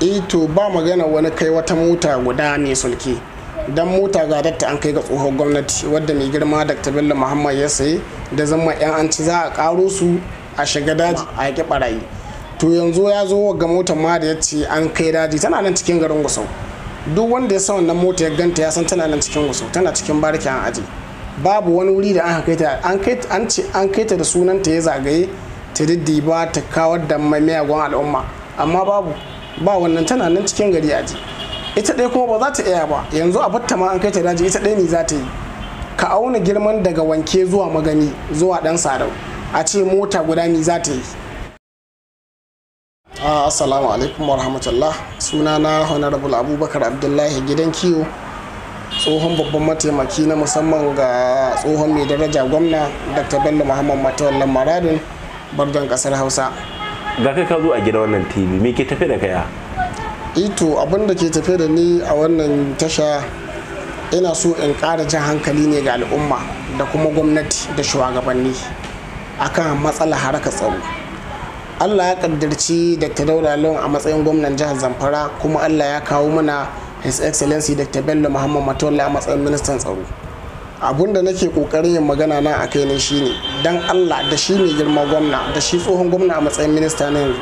eh to ba magana wani kai wata mota guda ne sulki dan mota ga datta an kai ga tsohon gwamnati wadda mai girma dr bello muhammad ya saye da zama yan an ci za a karo su a shiga daji a yaƙi barayi to yanzu ya zo ga motar ma da ya ce an kai daji tana nan cikin garin gusau duk wanda ya san wannan mota ya ganta ya san tana nan cikin gusau tana cikin barki an aji babu wani wuri da an kai ta an ce ta da sunanta ya zagaye ta diddi ba ta kawar da mai miyagun al'umma amma babu ba wannan tana nan cikin gari aji ita ɗaya kuma ba za ta iya ba yanzu a batta ma an kai ta daji ita ɗaya ne za ta yi ka auna girman daga wanke zuwa magani zuwa ɗan sadau a ce mota guda ne za ta yi ah, assalamu alaikum warahmatullah sunana honorable abubakar abdullahi gidan kiwo tsohon babban mataimaki na musamman ga tsohon mai daraja gwamna dr bello muhammad matawallan maradin bardan kasar hausa ga kai ka zo a gida wannan tv me ke tafe da kaya ito eh abin da ke tafe da ni a wannan tasha ina so in ƙara jan hankali ne ga al'umma da kuma gwamnati da shugabanni akan matsalar harkar tsaro allah ya kaddarci dr daura lawan a matsayin gwamnan jihar zamfara kuma allah ya kawo mana his excellency dr bello muhammad matola a matsayin ministan tsaro abun da nake kokarin yin magana na a kai ne shine dan allah da shi ne girma gwamna da shi tsohon gwamna a matsayin minista na yanzu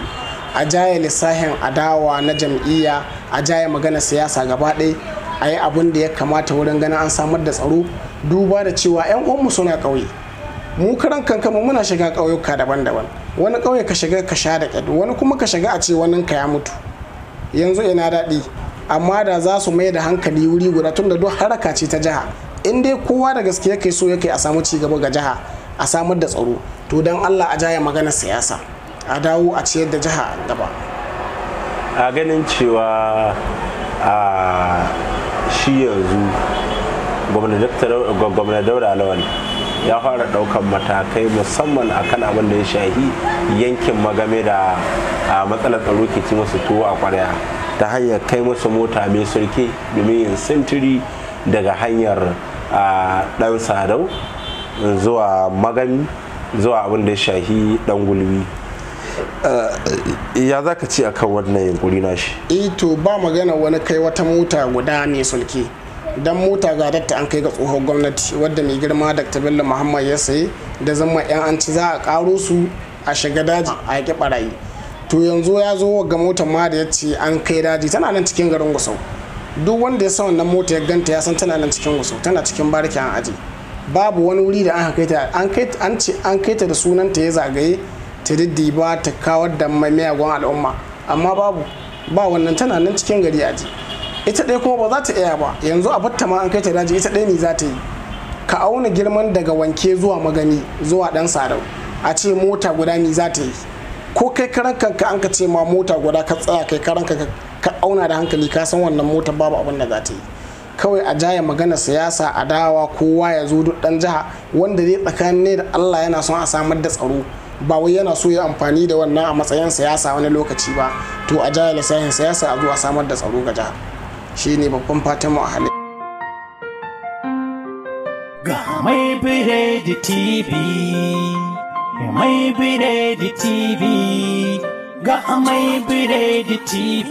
a jaya lissahin adawa na jam'iyya a jaya magana siyasa gaba ɗaya a yi abun da ya kamata wurin ganin an samar da tsaro duba da cewa 'yan uwanmu suna ƙauye mu karan kankanmu muna shiga ƙauyuka daban-daban wani ƙauye ka shiga ka sha da ƙyadu wani kuma ka shiga a ce wani ka ya mutu yanzu ina daɗi amma da za su mai da hankali wuri guda tun da duk haraka ce ta jiha in dai kowa da gaske yake so yake a samu cigaba ga jiha a samar da tsaro to don allah a jaya magana siyasa a dawo a ciyar da jiha gaba a ganin cewa a shi yanzu gwamna daura lawan ya fara daukan matakai musamman akan abin da ya shahi yankin magame da matsalar tsaro ke ci masu tuwo a kwarya ta hanyar kai masu mota mai sulke domin yin sintiri daga hanyar a dan sadau zuwa magani zuwa abin da shahi dan gulbi eh, eh, ya za ka ci a kan wannan yankuri nashi ito eh, ba magana wani kai wata mota guda ne sulki dan mota ga datta an kai ga tsohon gwamnati wadda mai girma dr bello muhammad ya saye da zama yan an ci za a karo su a shiga daji a yaƙi barayi to yanzu ya zo ga motar ma da ya ce an kai daji tana nan cikin garin gusau duk wanda ya san wannan mota ya ganta ya san tana nan cikin wasu tana cikin barki an aji babu wani wuri da an kai ta da sunan ta ya zagaye ta diddiba ta kawar da miyagun al'umma amma babu ba wannan tana nan cikin gari aji ita ɗaya kuma ba za ta iya ba yanzu a batta ma an kai ta daji ita ɗaya ne za ta yi ka auna girman daga wanke zuwa magani zuwa ɗan sadau a ce mota guda ne za ta yi ko kai karan kanka an ka ce ma mota guda ka tsaya kai karan kanka ka auna da hankali ka san wannan mota babu abin da za ta yi kawai a jaya magana siyasa a dawa kowa ya zo duk dan jiha wanda dai tsakanin ne da Allah yana son a samar da tsaro ba wai yana so ya amfani da wannan a matsayin siyasa wani lokaci ba to a jaya lissafin siyasa a zo a samar da tsaro ga jiha Shi ne babban fatan mu a halin ga mai biredi tv mai biredi tv ga mai biredi tv